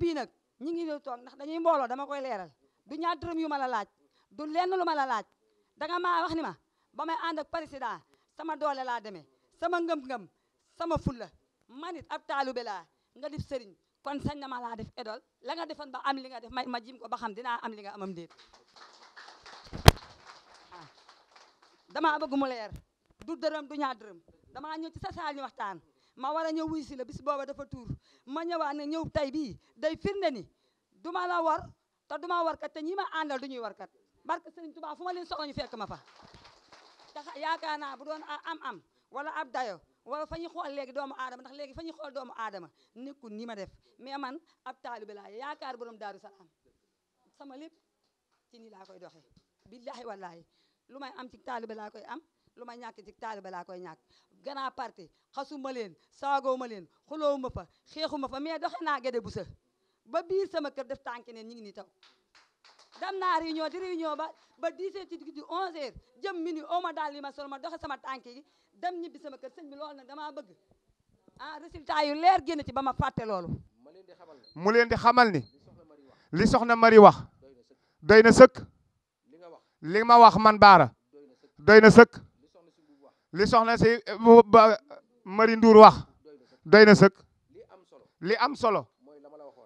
bi nak ñi ngi ñew tok ndax dañuy mbolo dama koy leral du ñaar dërëm yu mala laaj du lenn lu ma laaj da nga ma wax ni ma ba may ak président sama doole la démé sama ngëm-ngëm sama fulla manit ab talibé la nga def sëriñ kon sañ na mala def edol la nga defoon ba am li nga def ma jim ko ba xam dina am li nga amam déet dama bëgg mu leer du dërëm du ñaar dërëm dama ñëw ci sa sal ñu waxtaan ma war a ñëw wuy si la bis booba dafa tuur ma ñëwaat ne ñëw tey bii day firnde ni duma la war te duma warkat te ñi ma àndal du ñuy warkat barke Sëriñ Tuubaa fu ma leen soxla ñu fekk ma fa tax yaakaar naa bu doon am am wala ab dayo wala fa ñuy xool léegi doomu aadama ndax léegi fa ñuy xool doomu aadama nekkul ni ma def mais man ab taalibe laa yaakaar borom daaru salaam sama lépp ci ni laa koy doxee billaahi wallaahi lu may am ci taalibe laa koy am luma ñak ci talib la koy ñak gëna Parti xasuma leen saagowuma leen xulowuma fa xexuma fa mais doxena gede bu sa ba biir sama kër def tànki neen ñu ngi ni taw dam na réunion di réunion ba ba 17 ci guddi 11 heures jëm minu oo ma daal li ma sol ma doxe sama tànk gi dem ñibi sama kër sëñ bi lool nak dama bëgg ah résultat yu leer gën ci bama faté lool mu leen di xamal ni li soxna Mari wax doyna seuk li nga wax li ma wax man baara doy na sëkk li soxna si eh, ba Mari Nduur wax doy na sëkk li am solo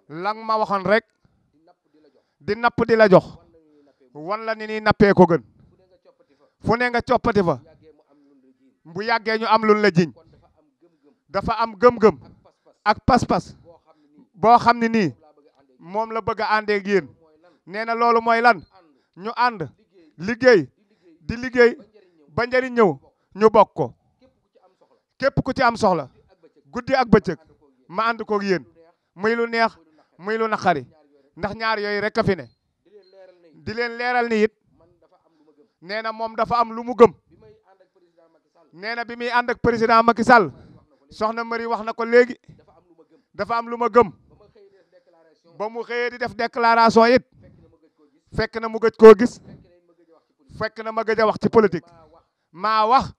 lang ma waxoon rek di napp di la jox wan la ni ni nappee ko gën fu ne nga coppati fa bu yàggee ñu am luñ la jiñ dafa am gëm-gëm ak pas-pas boo xam ne nii moom la bëgg a àndee ak yéen nee na loolu mooy lan ñu ànd liggéey di liggéey ba njëriñ ñëw ñu bokk ko képp ku ci am soxla guddi ak bëccëg ma ànd koog yéen muy lu neex muy lu naqari ndax ñaar yooyu rek a fi ne di leen leeral ni it nee na moom dafa am lu mu gëm nee na bi muy ànd ak président Macky Sall soxna Marie wax na ko léegi dafa am lu ma gëm ba mu xëyee di def déclaration it fekk na mu gëj koo gis fekk na ma gëj a wax ci politique maa wax.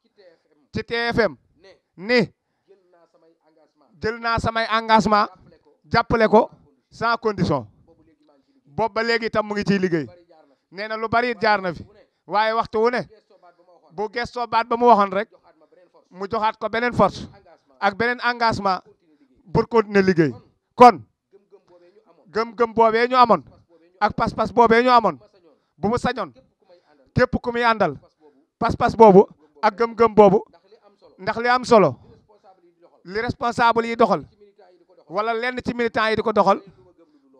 ci TFM ni jël naa samay engagement jàppale ko sans condition boobu ba léegi itam mu ngi ciy liggéey nee na lu bari jaar na fi waaye waxtu wu ne bu gestoo baat ba mu waxoon rek mu joxaat ko beneen force ak beneen engagement pour continuer liggéey kon gëm-gëm boobee ñu amoon ak pas-pas boobee ñu amoon bu mu sañoon képp ku muy àndal pas-pas boobu ak gëm-gëm boobu ndax li am solo li responsable yi doxal wala lenn ci militant yi diko doxal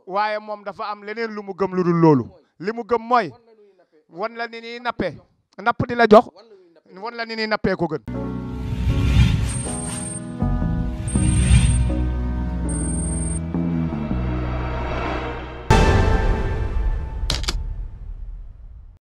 waye mom dafa am leneen lu mu gëm lu dul lolu li mu gëm moy won la ni ni nappé napp di la jox won la ni ni nappé ko gën